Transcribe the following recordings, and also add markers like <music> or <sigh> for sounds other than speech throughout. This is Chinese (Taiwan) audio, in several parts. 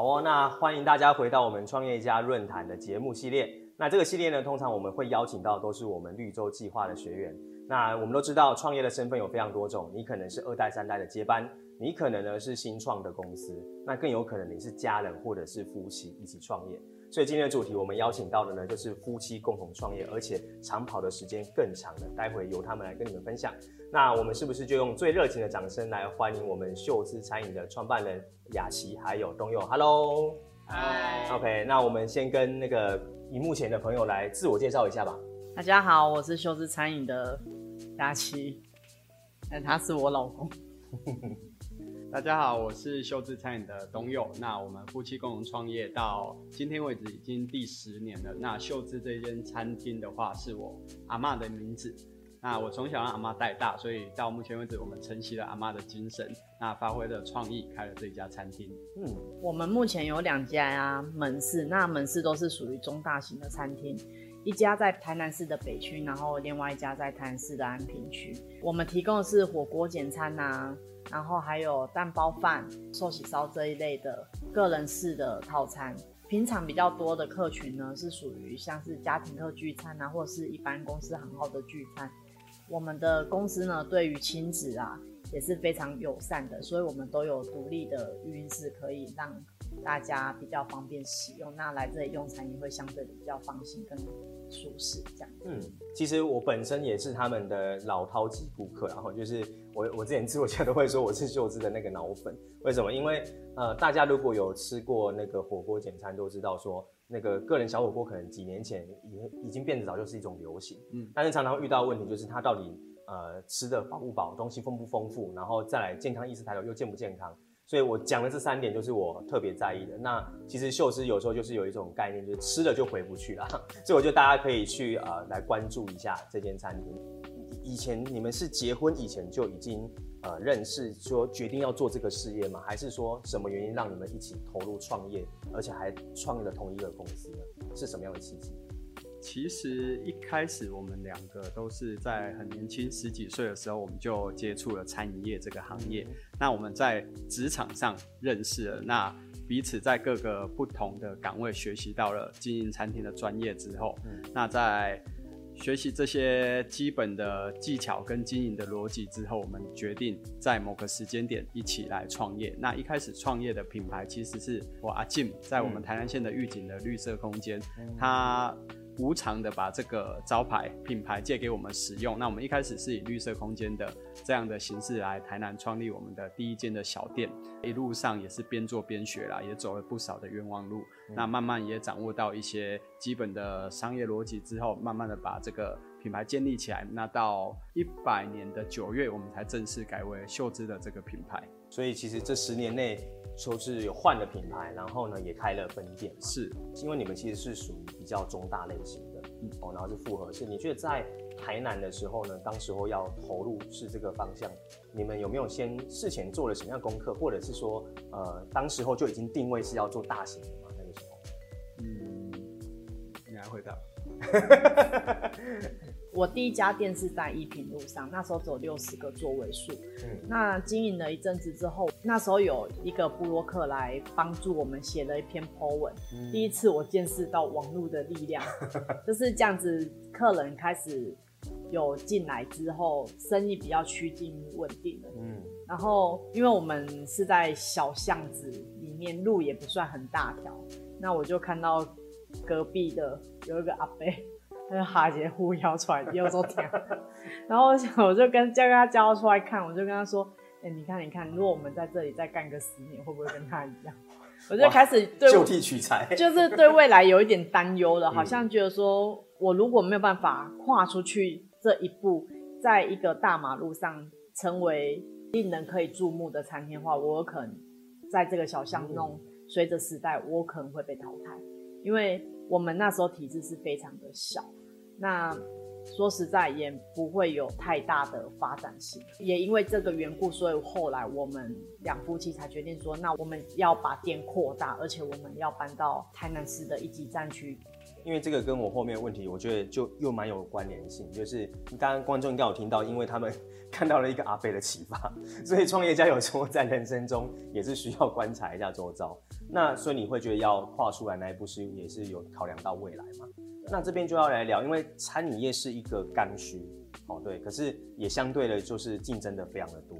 好哦，那歡迎大家回到我們創業家論壇的節目系列。那這個系列呢，通常我們會邀請到都是我們綠洲計劃的學員。那我們都知道，創業的身份有非常多種，你可能是二代、三代的接班。你可能呢是新創的公司，那更有可能你是家人或者是夫妻一起創業。所以今天的主題，我們邀請到的呢就是夫妻共同創業，而且長跑的時間更長的。待會兒由他們來跟你們分享。那我們是不是就用最熱情的掌聲來歡迎我們秀枝餐飲的創辦人雅祺還有東宥？Hello，OK，Hi.、okay, 那我們先跟那個熒幕前的朋友來自我介紹一下吧。大家好，我是秀枝餐飲的雅祺、欸，他是我老公。 <laughs> 大家好，我是秀枝餐飲的東宥忻。那我們夫妻共同創業到今天為止已經第十年了。那秀枝這間餐廳的話，是我阿嬤的名字。那我從小讓阿嬤帶大，所以到目前為止我們承襲了阿嬤的精神，那發揮了創意開了這家餐廳。嗯，我們目前有兩家啊門市，那門市都是屬於中大型的餐廳，一家在台南市的北區，然後另外一家在台南市的安平區。我們提供的是火鍋簡餐啊。然後還有蛋包飯、壽喜燒這一類的個人式的套餐。平常比較多的客群呢，是屬於像是家庭客聚餐啊，或者是一般公司行號的聚餐。我們的公司呢，對於親子啊也是非常友善的，所以我們都有獨立的育嬰室，可以讓。大家比較方便使用，那來這裡用餐也會相對比較放心跟舒適，這樣。嗯，其實我本身也是他們的老饕級顧客，然後就是我我之前吃我得都會說我是秀芝的那個腦粉，為什麼？因為呃大家如果有吃過那個火鍋簡餐，都知道說那個個人小火鍋可能幾年前已已經變得早就是一種流行，嗯，但是常常會遇到問題，就是它到底呃吃的飽不飽，東西豐不豐富，然後再來健康意識抬頭又健不健康。所以，我講的這三點就是我特別在意的。那其實秀枝有時候就是有一種概念，就是吃了就回不去了。所以我覺得大家可以去呃來關注一下這間餐廳。以前你們是結婚以前就已經呃認識，說決定要做這個事業嗎？還是說什麼原因讓你們一起投入創業，而且還創立了同一個公司呢？是什麼樣的契機？其實一開始我們兩個都是在很年輕十幾歲的時候，我們就接觸了餐飲業這個行業。嗯、那我們在職場上認識了，那彼此在各個不同的崗位學習到了經營餐廳的專業之後，嗯、那在學習這些基本的技巧跟經營的邏輯之後，我們決定在某個時間點一起來創業。那一開始創業的品牌，其實是我阿進在我們台南縣的玉井的綠色空間，他、嗯。無償的把這個招牌品牌借給我們使用。那我們一開始是以綠色空間的這樣的形式來台南創立我們的第一間的小店，一路上也是邊做邊學啦，也走了不少的冤枉路。嗯、那慢慢也掌握到一些基本的商業邏輯之後，慢慢的把這個品牌建立起來。那到一百年的九月，我們才正式改為秀枝的這個品牌。所以其實這十年內。都是有換的品牌，然後呢也開了分店，是因為你們其實是屬於比較中大類型的，嗯、哦，然後是複合式。你覺得在台南的時候呢，當時候要投入是這個方向，你們有沒有先事前做了什麼樣功課，或者是說，呃，當時候就已經定位是要做大型的嗎？那個時候？嗯，你還會到。 <laughs> 我第一家店是在一品路上，那時候走六十個座位數。嗯、那經營了一陣子之後，那時候有一個部落客來幫助我們寫了一篇 po 文，嗯、第一次我見識到網絡的力量。 <laughs> 就是這樣子，客人開始有進來之後，生意比較趨近穩定了。嗯、然後因為我們是在小巷子裡面，路也不算很大條，那我就看到隔壁的有一個阿伯。他是哈杰呼腰喘，又說天， <laughs> 然後我就跟教他教出來看，我就跟他說，哎、欸，你看，你看，如果我們在這裡再幹個十年，會不會跟他一樣？哇我就開始對就地取材，就是對未來有一點擔憂了，好像覺得說我如果沒有辦法跨出去這一步，在一個大馬路上成為令人可以注目的餐廳的話，我有可能在這個小巷弄隨着、嗯、時代，我可能會被淘汰，因為我們那時候體制是非常的小。那說實在也不會有太大的發展性，也因為這個緣故，所以後來我們兩夫妻才決定說，那我們要把店擴大，而且我們要搬到台南市的一級戰區。因為這個跟我後面的問題，我覺得就又蠻有關聯性，就是你剛剛觀眾應該有聽到，因為他們看到了一個阿飛的啟發，所以創業家有時候在人生中也是需要觀察一下周遭。那所以你會覺得要跨出來那一步是也是有考量到未來嗎？那這邊就要來聊，因為餐飲業是一個剛需，哦對，可是也相對的，就是競爭的非常的多。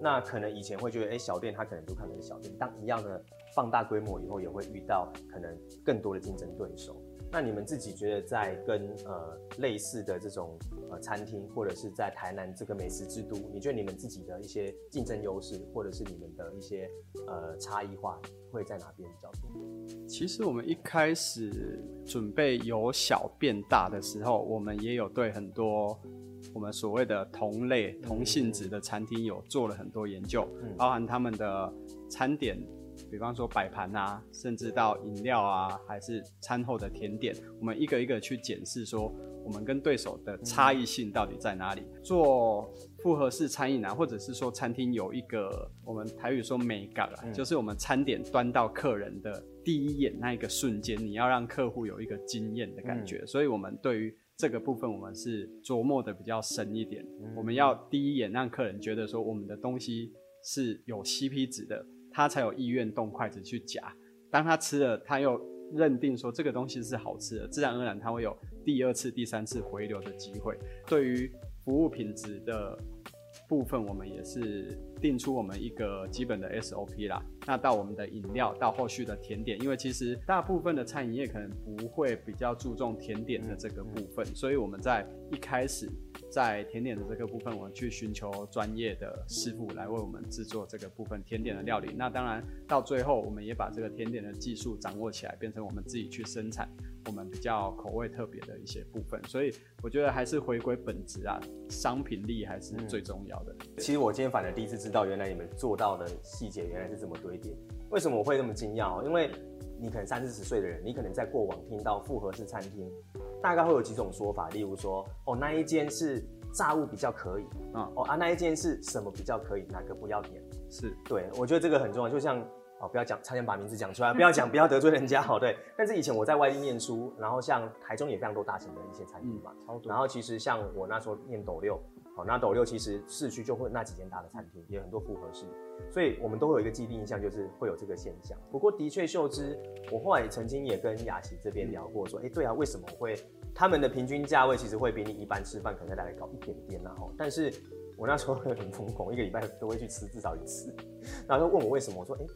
那可能以前會覺得，哎、欸，小店他可能都可能是小店，但一樣的放大規模以後，也會遇到可能更多的競爭對手。那你們自己覺得，在跟呃類似的這種呃餐廳，或者是在台南這個美食之都，你覺得你們自己的一些競爭優勢，或者是你們的一些呃差異化，會在哪邊比較多？其實我們一開始準備由小變大的時候，我們也有對很多我們所謂的同類同性質的餐廳有做了很多研究，嗯、包含他們的餐點。比方說擺盤啊，甚至到飲料啊，還是餐後的甜點，我們一個一個去檢視，說我們跟對手的差異性到底在哪裡？嗯、做複合式餐飲啊，或者是說餐廳有一個我們台語說美感啊，嗯、就是我們餐點端到客人的第一眼那一個瞬間，你要讓客戶有一個驚艷的感覺。嗯、所以我們對於這個部分，我們是琢磨的比較深一點。嗯嗯，我們要第一眼讓客人覺得說我們的東西是有 CP 值的。他才有意願動筷子去夾。當他吃了，他又認定說這個東西是好吃的，自然而然他會有第二次、第三次回流的機會。對於服務品質的部分，我們也是定出我們一個基本的 SOP 啦。那到我們的飲料，到後續的甜點，因為其實大部分的餐飲業可能不會比較注重甜點的這個部分，所以我們在一開始。在甜點的這個部分，我們去尋求專業的師傅來為我們制作這個部分甜點的料理。那當然，到最後我們也把這個甜點的技術掌握起來，變成我們自己去生產我們比較口味特別的一些部分。所以，我覺得還是回歸本質啊，商品力還是最重要的。嗯、對其實我今天反而第一次知道，原來你們做到的細節原來是這麼堆疊。為什麼我會那麼驚訝？因為你可能三四十歲的人，你可能在過往聽到複合式餐廳。大概會有幾種說法，例如說，哦，那一間是炸物比較可以，啊，哦啊，那一間是什麼比較可以，哪個不要點。是。對，我覺得這個很重要，就像，哦，不要講，差點把名字講出來，不要講，不要得罪人家，哦，對。但是以前我在外地念書，然後像台中也非常多大型的一些餐廳嘛，超多。然後其實像我那時候念斗六。好，那斗六其實市區就會那幾間大的餐廳，也有很多複合式，所以我們都會有一個既定印象，就是會有這個現象。不過的確，秀枝，我後來曾經也跟雅祺這邊聊過，說，哎，對啊，為什麼會他們的平均價位其實會比你一般吃飯可能大概高一點點，然後，但是我那時候有點瘋狂，一個禮拜都會去吃至少一次，然後就問我為什麼，我說，哎，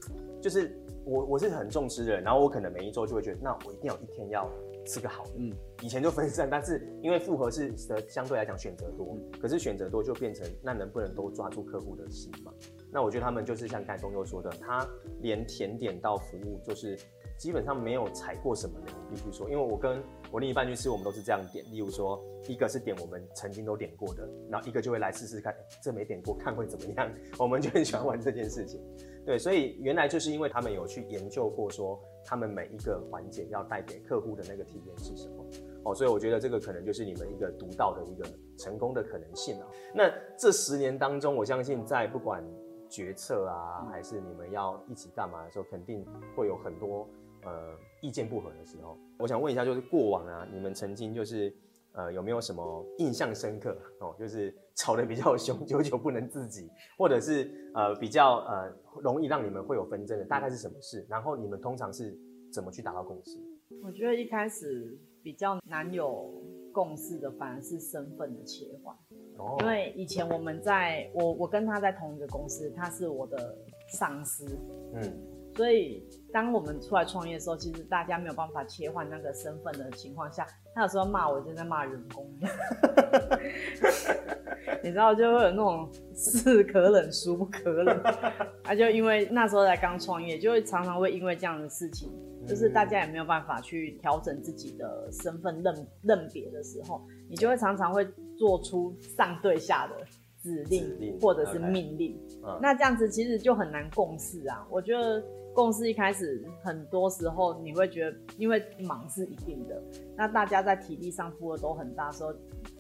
就是我我是很重吃的人，然後我可能每一周就會覺得，那我一定有一天要。是個好的，嗯，以前就分散，但是因為複合式的相對來講選擇多，嗯、可是選擇多就變成那能不能都抓住客戶的心嘛？那我覺得他們就是像剛才東宥說的，他連甜點到服務就是基本上沒有踩過什麼的。我必須說，因為我跟我另一半去吃，我們都是這樣點，例如說一個是點我們曾經都點過的，然後一個就會來試試看，這沒點過，看會怎麼樣，我們就很喜歡玩這件事情。對，所以原來就是因為他們有去研究過，說他們每一個環節要帶給客戶的那個體驗是什麼。哦，所以我覺得這個可能就是你們一個獨到的一個成功的可能性啊。那這十年當中，我相信在不管決策啊，還是你們要一起幹嘛的時候，肯定會有很多呃意見不合的時候。我想問一下，就是過往啊，你們曾經就是呃有沒有什麼印象深刻？哦，就是。吵得比較兇，久久不能自己，或者是、呃、比較、呃、容易讓你們會有紛爭的，大概是什麼事？然後你們通常是怎麼去達到共識？我覺得一開始比較難有共識的，反而是身份的切換，哦、因為以前我們在我我跟他在同一個公司，他是我的上司，嗯。所以，當我們出來創業的時候，其實大家沒有辦法切換那個身份的情況下，他有時候罵我，就在罵員工， <laughs> <laughs> 你知道，就會有那種是可忍，孰不可忍。他、 <laughs> 啊、就因為那時候才剛創業，就會常常會因為這樣的事情，嗯、就是大家也沒有辦法去調整自己的身份認認別的時候，你就會常常會做出上對下的指令，指令或者是命令，Okay. 那這樣子其實就很難共事啊，我覺得。公司一開始，很多時候你會覺得，因為忙是一定的，那大家在體力上負荷都很大的時候，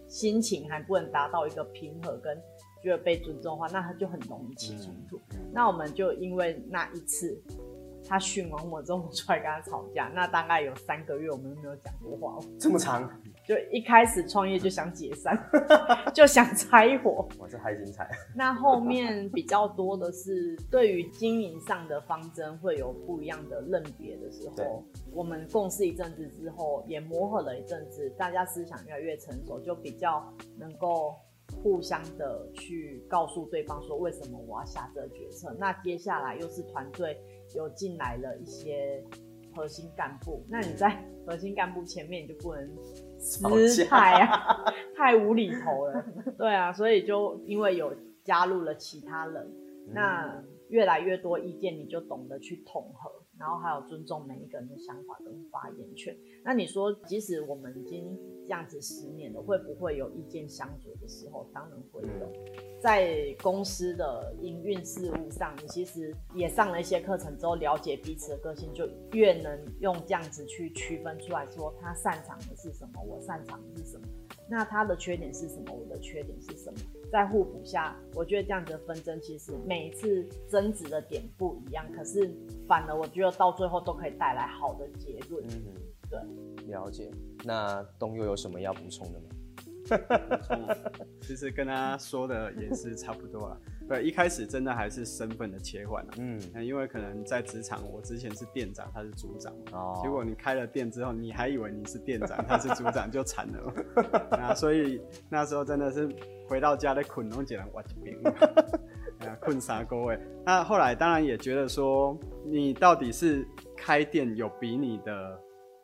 心情還不能達到一個平和，跟覺得被尊重的話，那他就很容易起衝突。嗯、那我們就因為那一次，他訓完我之後出來跟他吵架，那大概有三個月我們沒有講過話，這麼長。就一開始創業就想解散，嗯、 <laughs> 就想拆夥。哇，這還精彩！那後面比較多的是對於經營上的方針會有不一樣的認別的時候，對我們共事一陣子之後，也磨合了一陣子，大家思想越來越成熟，就比較能夠互相的去告訴對方說為什麼我要下這個決策。那接下來又是團隊又進來了一些核心幹部，那你在核心幹部前面你就不能失態，嗯、啊，假太無厘頭了。對啊，所以就因為有加入了其他人，嗯、那越來越多意見，你就懂得去統合。然後還有尊重每一個人的想法跟發言權。那你說，即使我們已經這樣子十年了，會不會有意見相左的時候？當然會有。在公司的營運事務上，你其實也上了一些課程之後，了解彼此的個性，就越能用這樣子去區分出來說他擅長的是什麼，我擅長的是什麼，那他的缺點是什麼，我的缺點是什麼。在互補下，我覺得這樣子的紛爭，其實每一次爭執的點不一樣，可是反而我覺得到最後都可以帶來好的結論，嗯。嗯，對，了解。那東宥有什麼要補充的嗎？補充，其實跟他說的也是差不多了，啊。 <laughs> 對，一開始真的還是身份的切換、啊、嗯，那因為可能在職場，我之前是店長，他是組長。哦。結果你開了店之後，你還以為你是店長，他是組長 <laughs> 就慘了。啊， <laughs> 所以那時候真的是回到家的睏攏嘛一人睏一邊。啊，睏三個月。 <laughs> 那後來當然也覺得說，你到底是開店有比你的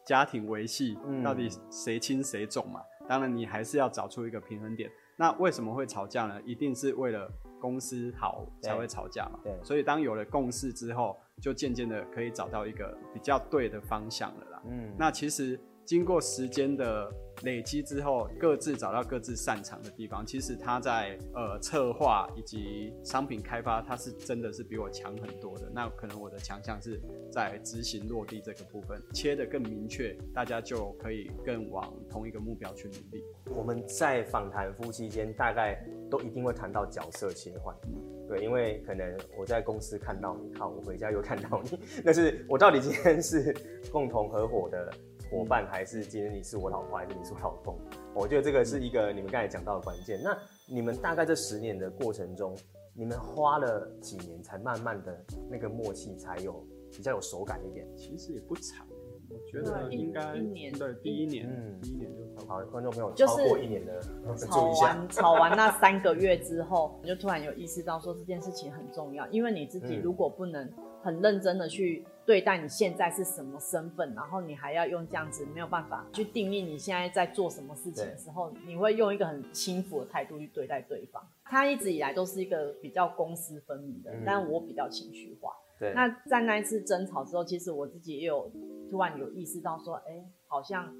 家庭維繫、嗯、到底誰輕誰重嘛？當然你還是要找出一個平衡點。那為什麼會吵架呢？一定是為了公司好才會吵架嘛。對，對所以當有了共識之後，就漸漸的可以找到一個比較對的方向了啦。嗯，那其實。經過時間的累積之後，各自找到各自擅長的地方。其實他在呃、策劃以及商品開發，他是真的是比我強很多的。那可能我的強項是在執行落地這個部分，切得更明確，大家就可以更往同一個目標去努力。我們在訪談夫妻間，大概都一定會談到角色切換。嗯、對，因為可能我在公司看到你，好，我回家又看到你，那是我到底今天是共同合夥的。夥伴還是今天你是我老婆還是你是我老公？我覺得這個是一個你們剛才講到的關鍵。那你們大概這十年的過程中，你們花了幾年才慢慢的那個默契才有比較有手感一點？其實也不長，我覺得應該一,一年。對，第一年，一嗯，第一年就好，觀眾朋友就是過一年的，吵完吵完那三個月之後，你 <laughs> 就突然有意識到說這件事情很重要，因為你自己如果不能很認真的去。對待你現在是什麼身份，然後你還要用這樣子沒有辦法去定義你現在在做什麼事情的時候，對你會用一個很輕浮的態度去對待對方。他一直以來都是一個比較公私分明的，嗯、但我比較情緒化。對。那在那一次爭吵之後，其實我自己也有突然有意識到說，哎，好像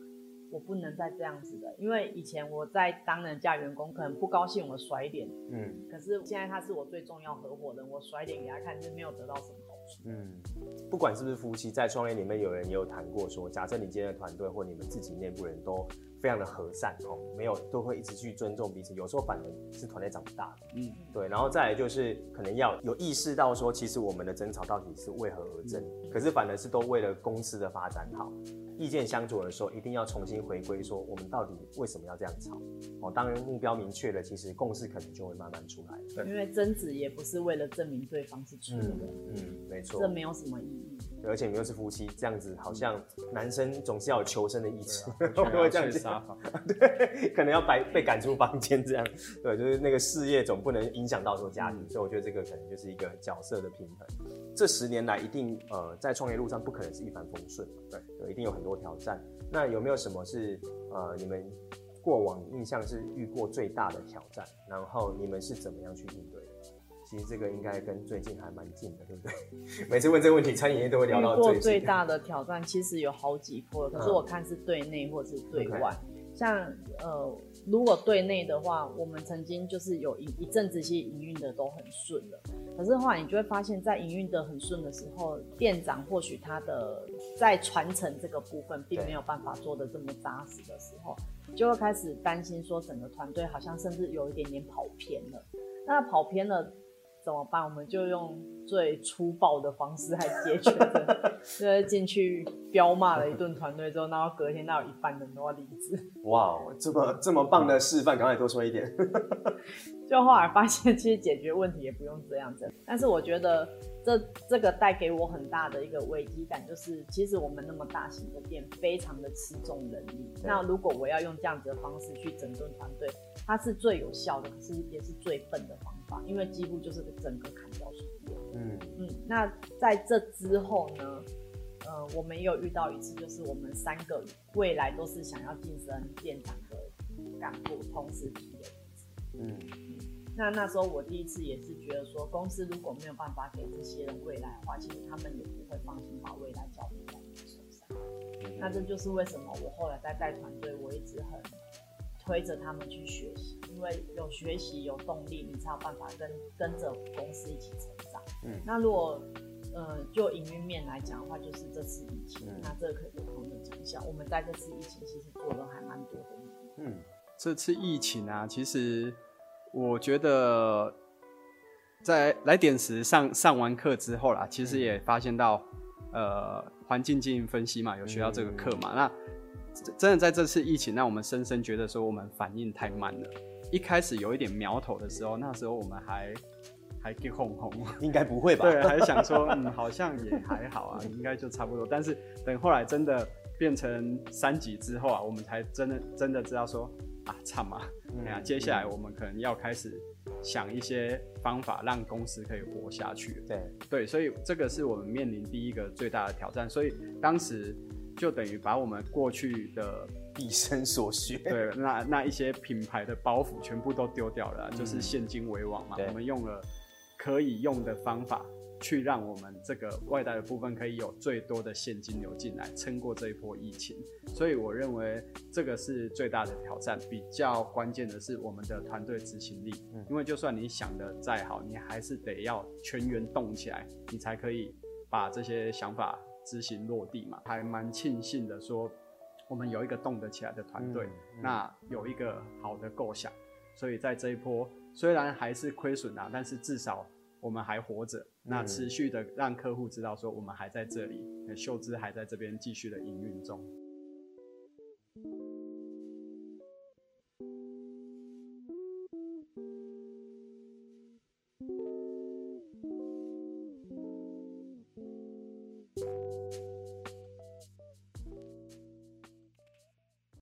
我不能再這樣子的。因為以前我在當人家員工，可能不高興我甩臉，嗯。可是現在他是我最重要合夥人，我甩臉給他看就是沒有得到什麼。嗯，不管是不是夫妻，在創業裡面，有人也有談過說，假設你今天的團隊或你們自己內部人都非常的和善，哦，沒有都會一直去尊重彼此，有時候反而是團隊長不大的。嗯，對，然後再來就是可能要有意識到說，其實我們的爭吵到底是為何而爭，嗯、可是反而是都為了公司的發展好。意見相左的時候，一定要重新回歸，說我們到底為什麼要這樣吵？哦、喔，當然目標明確了，其實共識可能就會慢慢出來。對，因為爭執也不是為了證明對方是錯的嗯。嗯，沒錯，這沒有什麼意義。而且你們又是夫妻，這樣子好像男生總是要有求生的意志。啊、我會這樣子？對，可能要被趕出房間這樣。對，就是那個事業總不能影響到說家庭，嗯、所以我覺得這個可能就是一個角色的平衡。這十年來，一定呃，在創業路上不可能是一帆風順，對，對，一定有很多挑戰。那有沒有什麼是呃，你們過往印象是遇過最大的挑戰？然後你們是怎麼樣去應對？其實這個應該跟最近還蠻近的，對不對？每次問這個問題，餐飲業都會聊到。遇過最大的挑戰其實有好幾波，可是我看是對內或者是對外，啊 okay。像呃。如果對內的話，我們曾經就是有一一陣子，其實營運的都很順了。可是後來你就會發現，在營運的很順的時候，店長或許他的在傳承這個部分，並沒有辦法做得這麼扎實的時候，就會開始擔心說，整個團隊好像甚至有一點點跑偏了。那跑偏了，怎麼辦？我們就用最粗暴的方式來解決的， <laughs> 就是進去飆罵，了一頓團隊之後，然後隔天到一半人都離職。哇，這麼這麼棒的示範，趕快多說一點。 <laughs> 就後來發現，其實解決問題也不用這樣子，但是我覺得這這個帶給我很大的一個危機感，就是其實我們那麼大型的店，非常的吃重人力。對那如果我要用這樣子的方式去整頓團隊，它是最有效的，可是也是最笨的方式。因為幾乎就是整個砍掉所有。嗯嗯，那在這之後呢，呃，我們也有遇到一次，就是我們三個未來都是想要晉升店長和幹部，同時級的一次。嗯。嗯，那那時候我第一次也是覺得說，公司如果沒有辦法給這些人未來的話，其實他們也不會放心把未來交給在你手上。嗯、那這就是為什麼我後來在帶團隊，我一直很推着他們去學習。因為有學習有動力，你才有辦法跟跟着公司一起成長。嗯，那如果呃就營運面來講的話，就是這次疫情，嗯、那這個可就很有影響。我們在這次疫情其實過了還蠻多的問題。嗯，這次疫情啊，其實我覺得在來點時上上完課之後啦，其實也發現到、嗯、呃環境經營分析嘛，有學到這個課嘛。嗯、那真的在這次疫情，讓我們深深覺得說我們反應太慢了。嗯一開始有一點苗頭的時候，那時候我們還還給 e t 應該不會吧？ <laughs> 對，還是想說，嗯，好像也還好啊， <laughs> 應該就差不多。但是等後來真的變成三級之後啊，我們才真的真的知道說，啊慘啊、嗯哎呀。接下來我們可能要開始想一些方法，讓公司可以活下去。對對，所以這個是我們面臨第一個最大的挑戰。所以當時就等於把我們過去的。畢生所學，對，那那一些品牌的包袱全部都丟掉了，嗯、就是現金為王嘛。對我們用了可以用的方法，去讓我們這個外帶的部分可以有最多的現金流進來，撐過這一波疫情。所以我認為這個是最大的挑戰。比較關鍵的是我們的團隊執行力，嗯、因為就算你想的再好，你還是得要全員動起來，你才可以把這些想法執行落地嘛。還蠻慶幸的說。我們有一個動得起來的團隊，嗯嗯、那有一個好的構想，所以在這一波雖然還是虧損啊，但是至少我們還活着。那持續的讓客戶知道說我們還在這裡，嗯、秀枝還在這邊繼續的營運中。